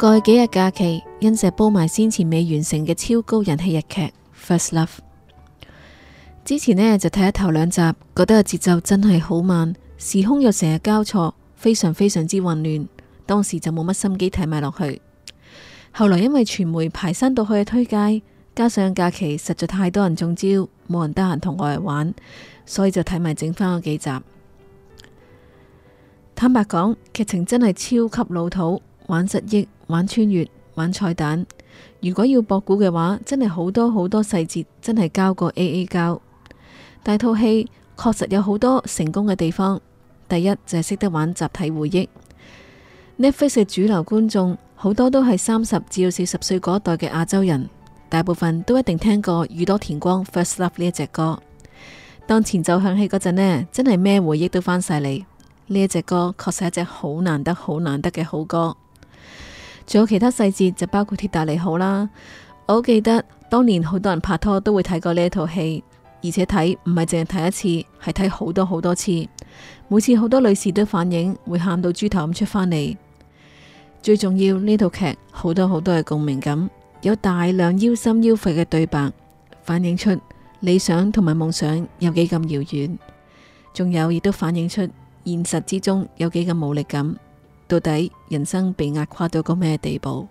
過去幾日假期，因石煲埋先前未完成嘅超高人氣日劇《First Love》。之前呢就睇咗頭兩集，覺得個節奏真係好慢，時空又成日交錯，非常非常之混亂。當時就冇乜心機睇埋落去。後來因為傳媒排山倒海嘅推介，加上假期實在太多人中招，冇人得閒同我嚟玩，所以就睇埋整返嗰幾集。坦白講，劇情真係超級老土。玩失憶，玩穿越，玩彩蛋。如果要博古嘅話，真係好多好多細節，真係交過 A A 交。大套戲確實有好多成功嘅地方。第一就係、是、識得玩集體回憶。Netflix 主流觀眾，好多都係三十至到四十歲嗰一代嘅亞洲人，大部分都一定聽過宇多田光《First Love》呢一隻歌。當前奏響起嗰陣呢，真係咩回憶都返晒嚟。呢一隻歌確實係一隻好難得、好難得嘅好歌。仲有其他細節就包括鐵達尼號啦，我好記得當年好多人拍拖都會睇過呢一套戲，而且睇唔係淨係睇一次，係睇好多好多次。每次好多女士都反映會喊到豬頭咁出返嚟。最重要呢套劇好多好多嘅共鳴感，有大量撓心撓肺嘅對白，反映出理想同埋夢想有幾咁遙遠，仲有亦都反映出現實之中有幾咁無力感。到底人生被壓垮到個咩地步？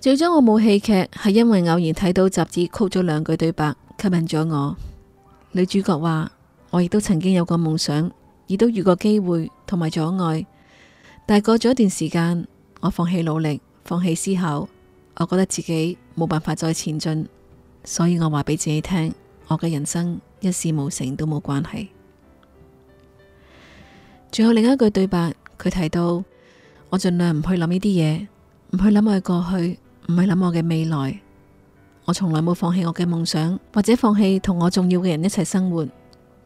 最終我冇戲劇，係因為偶然睇到雜誌，曲咗兩句對白，吸引咗我。女主角話：我亦都曾經有過夢想，亦都遇過機會同埋阻礙。但係過咗一段時間，我放棄努力，放棄思考，我覺得自己冇辦法再前進，所以我話俾自己聽：我嘅人生一事無成都冇關係。最後另一句對白，佢提到：我盡量唔去諗呢啲嘢，唔去諗我嘅過去，唔去諗我嘅未來。我從來冇放棄我嘅夢想，或者放棄同我重要嘅人一齊生活。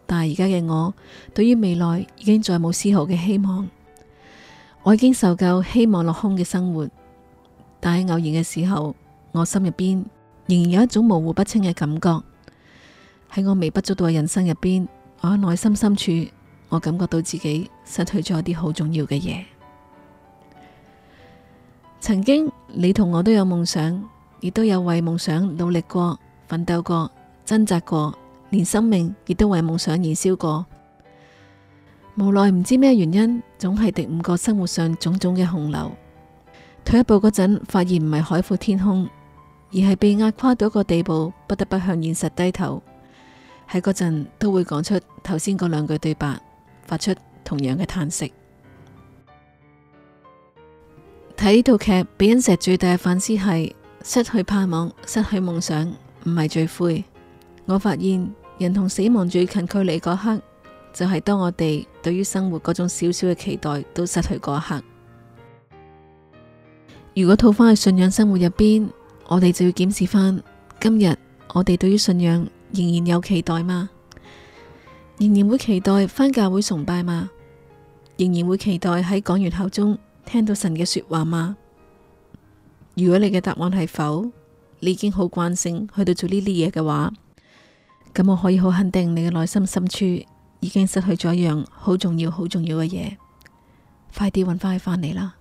但係而家嘅我，對於未來已經再冇絲毫嘅希望。我已經受夠希望落空嘅生活。但喺偶然嘅時候，我心入邊仍然有一種模糊不清嘅感覺。喺我微不足道嘅人生入邊，我內心深處。我感覺到自己失去咗啲好重要嘅嘢。曾經你同我都有夢想，亦都有為夢想努力過、奮鬥過、掙扎過，連生命亦都為夢想燃燒過。無奈唔知咩原因，總係敵唔過生活上種種嘅洪流。退一步嗰陣，發現唔係海闊天空，而係被壓垮到一個地步，不得不向現實低頭。喺嗰陣都會講出頭先嗰兩句對白。發出同樣嘅嘆息。睇呢套劇，俾恩石最大嘅反思係失去盼望、失去夢想唔係最灰。我發現人同死亡最近距離嗰刻，就係、是、當我哋對於生活嗰種少少嘅期待都失去嗰刻。如果套返去信仰生活入邊，我哋就要檢視翻今日我哋對於信仰仍然有期待嗎？仍然會期待返教會崇拜嘛？仍然會期待喺講員口中聽到神嘅說話嘛？如果你嘅答案係否，你已經好慣性去到做呢啲嘢嘅話，咁我可以好肯定你嘅內心深處已經失去咗一樣好重要、好重要嘅嘢，快啲揾翻佢翻嚟啦！